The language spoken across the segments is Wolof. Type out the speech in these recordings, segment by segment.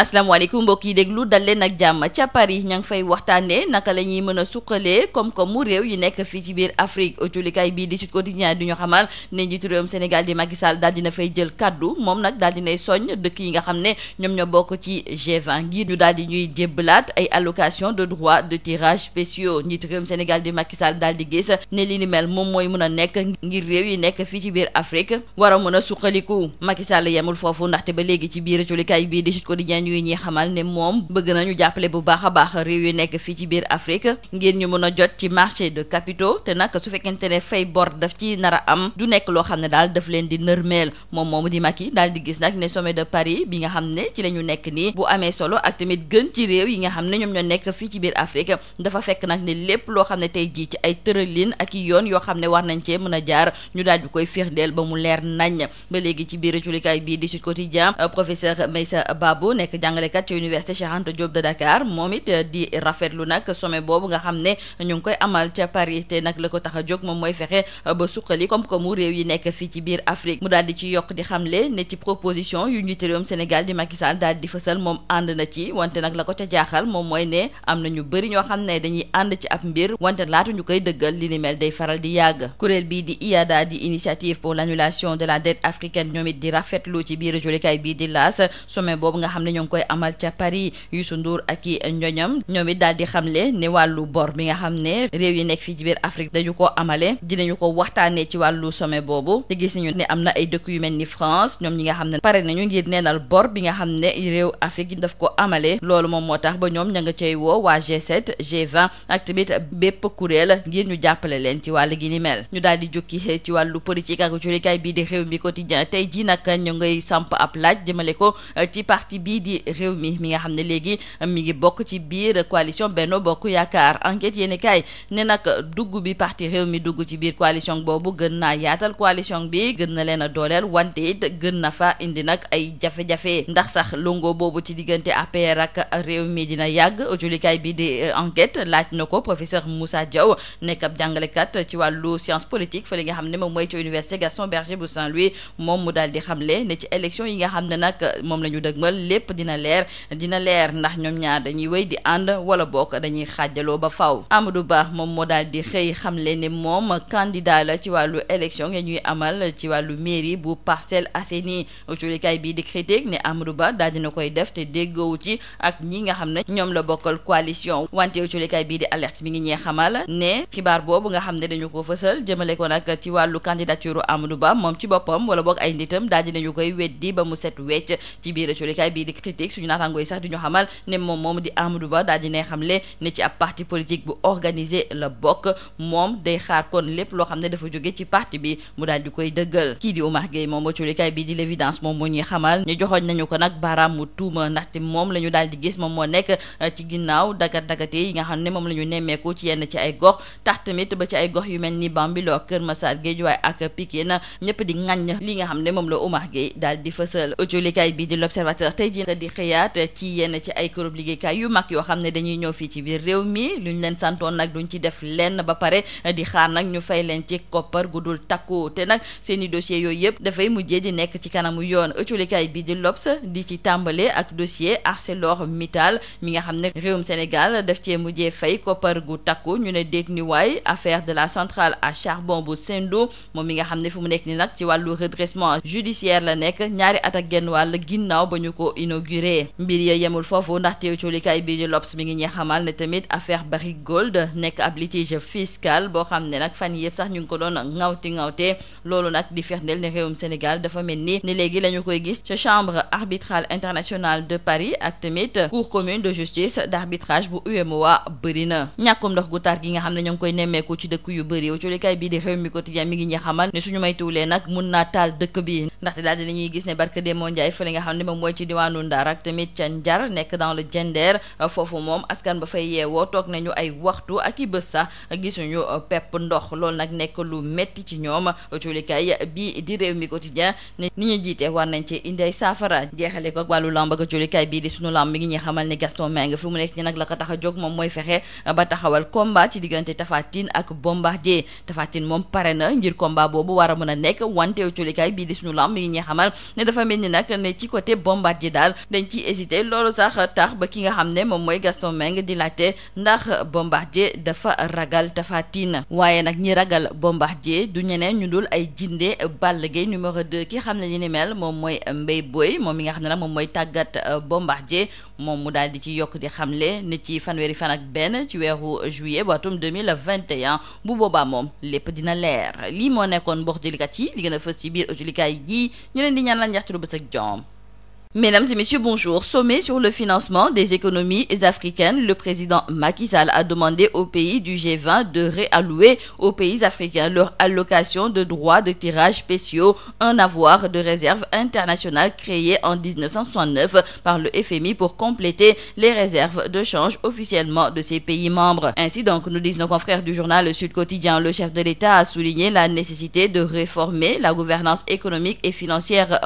asalaamaaleykum mbokk yi déglu dal leen nag jàmm ca Paris ña fay waxtaanee naka la ñuy mën a suqalee koom-koom mu réew yi nekk fii ci biir Afrique jullikaay bii di Sud Quotidien du ñu xamal ne njiitu réewum Sénégal di Macky daal dina fay jël kaddu moom nag daal dinay soññ dëkk yi nga xam ne ñoom ñoo bokk ci G20 ngir ñu daal di ñuy jébbalaat ay allocation de droits tirage spéciaux njiitu Sénégal di Macky Sall daal di gis ne li ni moom mooy mën nekk ngir réew yi nekk fii ci biir Afrique war a mën a suqaliku Macky Sall yemul foofu ndaxte ba léegi ci biir jullikaay bii di Sud Quotidien ñuy ñi xamal ne moom bëgg nañu jàppale bu baax a réew yu nekk fii ci biir Afrique ngir ñu mën a jot ci marché de capitaux te nag su fekkente ne fay bor daf ci nar a am du nekk loo xam ne daal daf leen di nërmeel moom moomu di Macky daal di gis nag ne sommet de Paris bi nga xam ne ci la ñu nekk nii bu amee solo ak tamit gën ci réew yi nga xam ne ñoom ñoo nekk fii ci biir Afrique dafa fekk nag ne lépp loo xam ne tey jii ci ay tëralin ak i yoo xam ne war nañ cee mën a ba mu leer nañ ba nekk jàngalekat ci université Cheikh Anta Diop de Dakar moom it euh, di rafetlu nag sommet boobu nga xam ne ñu ngi koy amal ca Paris te nag la ko tax a jóg moom mooy fexe euh, ba suqali koom-koomu réew yi nekk fii ci biir Afrique mu daal di ci yokk di xamle ne ci proposition yu njiitu réewum Sénégal di Macky Sall daal di fësal moom na la ko moom mooy ne am na ñu bëri ñoo xam ne dañuy ànd ci ab mbir wante laata ñu koy dëggal li ni mel day faral di yàgg kuréel bi di IADA di initiative pour de la dette africaine ñoom it di rafetlu ci biir jolikaay ñoo ngi koy amal ca Paris Youssou Ndour ak i ñoñam ñoom it daal di xamle ne wàllu bor bi nga xam ne réew yi nekk fii ci biir Afrique dañu ko amale dinañu ko waxtaanee ci wàllu sommet boobu te gis nañu ne am na ay dëkk yu mel ni France ñoom ñi nga xam ne pare nañu ngir neenal bor bi nga xam ne réew Afrique daf ko amale loolu moom moo tax ba ñoom ña nga cay woo waa G7 g ak tamit bépp kuréel ngir ñu jàppale leen ci wàll gi ni mel ñu daal di jukki ci wàllu politique ak bii di réew mi ko quotidien tey ji nag ñu ngay samp ab laaj jëmale di réew mi mi nga xam ne léegi mi ngi bokk ci biir coalition benn Bokk Yaakaar enquête yéen kaay ne nag dugg bi parti réew mi dugg ci biir coalition boobu gën naa yaatal coalition bi gën na leen a dooleel wante gën na fa indi nag ay jafe-jafe ndax sax longo boobu ci diggante APR ak réew mi dina yàgg julikaay bi di euh, enquête laaj na ko professeur Moussa Diaw nekk ab jàngalekat ci wàllu science politique fa li nga xam ne moom mooy ci université Gaston Berger bu Saint-Louis moom mu daal di xamle ci élection yi nga xam ne nag moom la ñu dëgmal dina leer dina leer ndax ñoom ñaar dañuy wéy di ànd wala bokk dañuy xaajaloo ba faw faaw Amadou baax moom moo daal di xëy xamle ne moom candidat la ci wàllu élection nga ñuy amal ci wàllu mairie bu Parcelles Assainies culikaay bii di critique ne Amadou Ba daal dina koy def te déggoowu ci ak ñi nga xam ne ñoom la bokkal coalition wante culikaay bii di alerte mi ngi ñee xamal ne xibaar boobu nga xam ne dañu ko fësal jëmale ko nag ci wàllu candidature Amadou Ba moom ci boppam wala boog ay nditam daal dinañu koy weddi ba mu set wecc ci biir culikaay bii di critique suñu naataangoo yi sax di ñu xamal ne moom moom di Amadou Ba daal di ne xamle ne ci ab parti politique bu organisé la bokk moom day xaar kon lépp loo xam ne dafa jóge ci parti bi mu daal di koy dëggal kii di Oumar Gueye moom ba culikaay bii di l'évidence moom moo ñuy xamal ñu joxoñ nañu ko nag baaraam mu tuuma ndaxte euh, nemmeeku ci yenn ci ay gox tax tamit ba ci ay gox yu mel ni Bambilor Kër Massar Guédiawaye ak Pikine ñëpp di ŋàññ li nga xam ne moom la Oumar Gueye daal di fësal culikaay bii di l'observateur tey jii di xëyaat ci yenn ci ay këru liggéeykaay yu mag yoo xam ne dañuy ñëw fii ci biir réew mi lu ñu leen santoon nag duñ ci def lenn ba pare di xaar nag ñu fay leen ci koppar dul takku te nag seeni i yooyu yëpp dafay mujje di nekk ci kanamu yoon ëcculikaay bi di L'Obs di ci tàmbale ak dossier ArcelorMittal mi nga xam ne réewum Sénégal def cee mujjee fay koppar gu takku ñu ne déet ni waay affaire de la centrale à charbon bu Sendou moom mi nga xam ne fu mu nekk ni nag ci wàllu redressement judiciaire la nekk ñaari at ak genn inauguré mbir ya yemul foofu ndaxte coolikaay bii di L'Obs mi ngi ñuy xamal ne tamit affaire Barrick Gold nekk ñu ngi ko nag na ñàkkum ndox gu tar gi nga xam ne ñoo ngi koy nemmeeku ci dëkk yu bëri coolikaay bii di Rewmi Quotidien mi ngi ñuy xamal ne suñu maytuwulee nag mun naa taal dëkk bi ndaxte daal dinañuy gis ne barke Demba Ndiaye fële nga xam ne moom mooy ci diwaanu Ndar Dakar tamit ca Ndar nekk dans le Diender foofu moom askan ba fay yeewoo toog nañu ay waxtu ak i bës sax gisuñu euh, pepp ndox loolu nag nekk lu metti ci ñoom cuulikaay bii di réew mi quotidien ni ñu jiite war nañ ci indi ay saafara jeexale ko ak wàllu lamb ak cuulikaay bii di suñu lamb mi ngi ñuy xamal ni Gaston nga fi mu nekk ni nag la ko tax a jóg moom mooy fexe euh, ba taxawal combat ci diggante Tapha Tine ak Bombardier Tapha Tine moom pare na ngir combat boobu war a mën a nekk wante cuulikaay bii di suñu lamb mi ngi ñuy xamal ne dafa mel ni nag ne ci côté Bombardier daal dañ ci hésité loolu sax tax ba ki nga xam ne moom mooy Gaston Mbengue di laajte ndax Bombardier dafa ragal Tapha Tine waaye nag ñi ragal Bombardier du ñeneen ñu dul ay jinde Balla Gaye numéro 2 ki xam ne li ni mel moom mooy Mbaye Boye moom mi nga xam ne nag moom mooy tàggat Bombardier moom mu daal di ci yokk di xam xamle nit ci fanweeri fan ak benn ci weeru juillet bootum 2021 bu boobaa moom lépp dina leer lii moo nekkoon mbox jëlikat yi li a ci biir ojulikaay yi ñu leen di ñaan la njaxte lu bës jom Mesdames et messieurs, bonjour. Sommet sur le financement des le président Macky Sall a demandé aux pays du G20 de réallouer aux pays africains leur allocation de droits de tirage spéciaux, un avoir de réserve internationale créé pour compléter les réserves de change officiellement de ces pays membres. Ainsi donc, nous disent nos confrères du journal Sud Quotidien, le chef économique et financière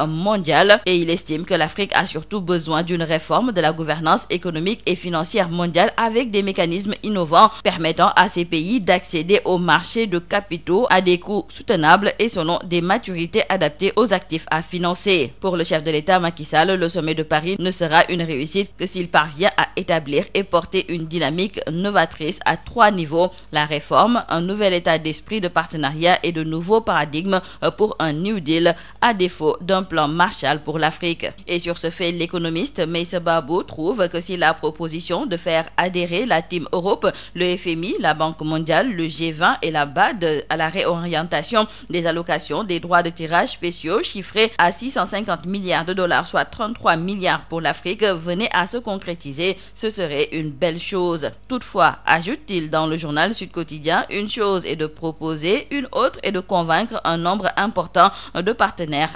l'Afrique a surtout besoin d'une réforme de la gouvernance économique et financière mondiale avec des mécanismes innovants permettant à ces pays d'accéder aux marchés de capitaux à des coûts soutenables et selon des maturités adaptées aux actifs à financer. Pour le chef de l'État Macky Sall, le sommet de Paris ne sera une réussite que s'il parvient à établir et porter une dynamique novatrice à trois niveaux, la réforme, un nouvel état d'esprit de partenariat et de nouveaux pour un New Deal à défaut d'un pour l'Afrique. Et sur ce fait, l'économiste Meissa Babo trouve que si la proposition de faire adhérer la Team Europe, le FMI, la Banque mondiale, le G20 et la BAD à la réorientation des allocations des droits de tirage spéciaux chiffrés à 650 milliards de dollars, soit 33 milliards pour l'Afrique, venait à se concrétiser, ce serait une belle chose. Toutefois, ajoute-t-il dans le journal Sud Quotidien, une chose est de proposer, une autre est de convaincre un nombre important de partenaires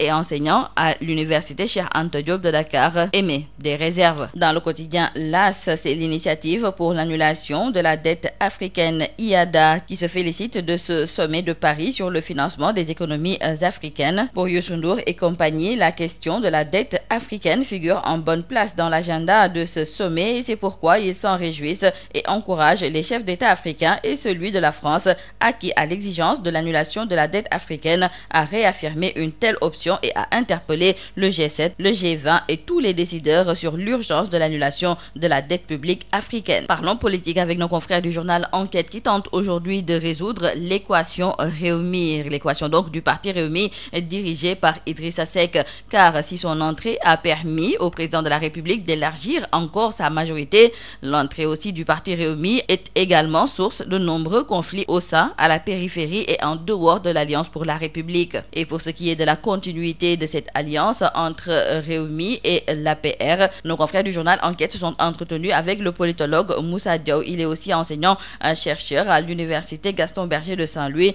et enseignants à l'université Cheikh Anta de Dakar émet des réserves. Dans le quotidien LAS, c'est l'initiative pour l'annulation de la dette africaine IADA qui se félicite de ce sommet de Paris sur le financement des économies africaines. Pour Youssou et compagnie, la question de la dette africaine figure en bonne place dans l'agenda de ce sommet et c'est pourquoi ils s'en réjouissent et encouragent les chefs d'État africains et celui de la France acquis à l'exigence de l'annulation de la dette africaine à réaffirmer une telle option et à interpeller le G7, le G20 et tous les décideurs sur l'urgence de l'annulation de la dette publique africaine. Parlons politique avec nos confrères du journal Enquête qui tente aujourd'hui de résoudre par Idrissa Seck a permis au président de la République d'élargir encore sa majorité. L'entrée aussi du parti Réumi est également source de nombreux conflits au sein, à la périphérie et en dehors de l'Alliance pour la République. Et pour ce qui est de la continuité de cette alliance entre Réumi et l'APR, nos confrères du journal Enquête se sont entretenus avec le politologue Moussa Diaw. Il est aussi enseignant chercheur à l'université Gaston Berger de Saint-Louis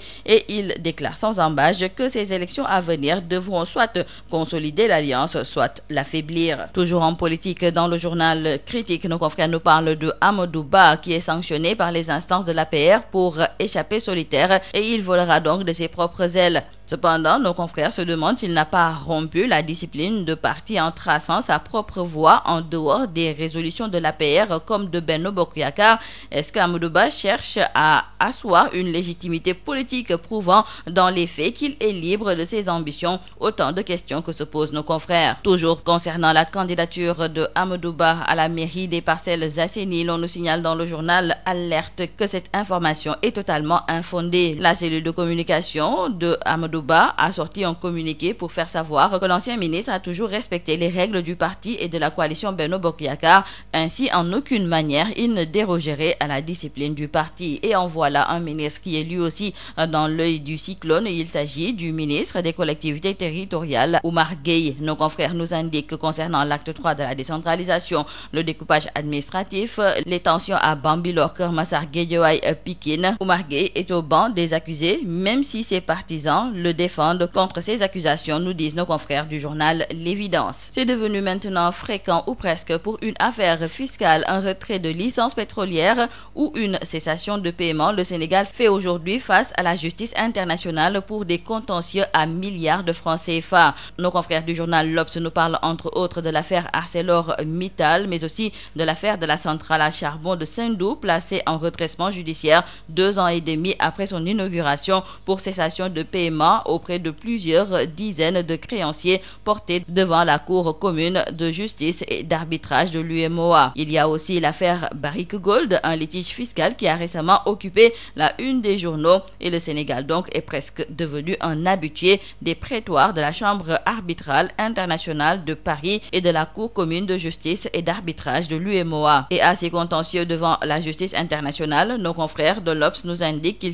souhaite l'affaiblir. Toujours en politique, dans le journal critique, nos confrères nous parlent de Amadou Ba qui est sanctionné par les instances de l'APR pour échapper solitaire et il volera donc de ses propres ailes. Cependant, nos confrères se demandent s'il n'a pas rompu la discipline de parti en traçant sa propre voie en dehors des résolutions de l'APR comme de Benno Bokk Yakaar. Est-ce que cherche à asseoir une légitimité politique prouvant dans les faits qu'il est libre de ses ambitions? Autant de questions que se posent nos confrères. Toujours concernant la candidature de Amadou Ba à la mairie des Parcelles Assainies, l'on nous signale dans le journal information est totalement infondée. La cellule de communication Amadou a sorti un communiqué pour faire savoir que l'ancien ministre a toujours respecté les règles du parti et de la coalition Benno Ainsi, en aucune manière, il ne dérogerait à la discipline du parti. Et en voilà un ministre qui est lui aussi dans l'œil du cyclone. Il s'agit du ministre des collectivités territoriales, Oumar Gueye. Nos confrères nous indiquent concernant l'acte de la décentralisation, le découpage administratif, les tensions à Bambilor, le défendent contre ces accusations, nous disent nos confrères du journal L'Évidence. C'est devenu maintenant fréquent ou presque pour une affaire fiscale, un retrait de licence pétrolière ou une cessation de paiement. Le Sénégal fait aujourd'hui face à la justice internationale pour des contentieux à milliards de francs CFA. Nos confrères du journal L'Obs nous parlent entre autres de l'affaire ArcelorMittal, mais aussi de l'affaire de la centrale mois auprès de plusieurs dizaines de créanciers portés devant la Cour commune de justice et d'arbitrage de l'UMOA. Il y a aussi l'affaire Barrick un litige fiscal qui a récemment occupé la une des journaux et le Sénégal donc est presque devenu un habitué des prétoires de la Chambre arbitrale internationale de Paris et de la Cour commune de justice et d'arbitrage de l'UMOA. Et à contentieux devant la justice internationale, nos confrères de l'Obs nous indiquent qu'il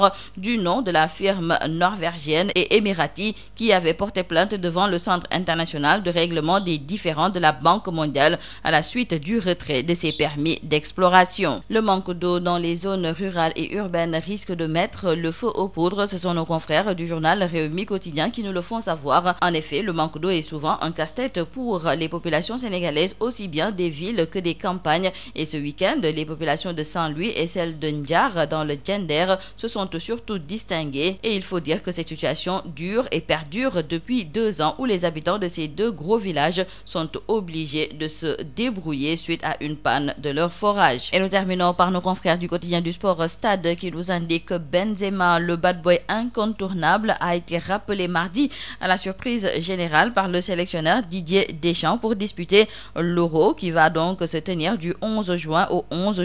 Nord du nom de la firme norvégienne et émirati qui avait porté plainte devant le Centre international de règlement des différends de la Banque mondiale à la suite du retrait de ses permis d'exploration. Le manque d'eau dans les zones rurales et urbaines risque de mettre le feu aux poudres, ce sont nos confrères du journal Rewmi Quotidien qui nous le font savoir. En effet, le manque d'eau est souvent un casse-tête pour les populations sénégalaises, aussi de saint sont surtout distingués et il faut dire que cette situation dure et perdure depuis deux ans où les habitants de ces deux gros villages sont obligés de se débrouiller suite à une panne de leur forage. Et nous terminons par nos confrères du quotidien du sport Stade qui nous indique Benzema, le bad boy incontournable, a été rappelé mardi à la surprise générale par le sélectionneur Didier Deschamps pour disputer l'Euro qui va donc se tenir du juin au 11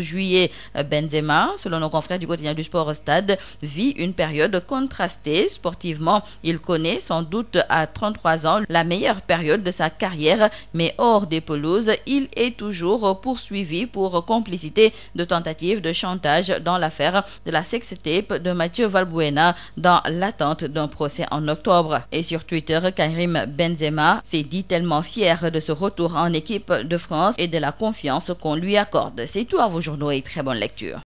vit une période contrastée. Sportivement, il connaît sans doute à 33 ans la meilleure période de sa carrière, mais hors des pelouses, il est toujours poursuivi pour complicité de tentative de chantage dans l'affaire de la sextape de Mathieu Valbuena dans l'attente d'un procès en octobre. Et sur Twitter, Karim Benzema s'est dit tellement fier de ce retour en équipe de France et de la confiance qu'on lui accorde. C'est tout à vos journaux et très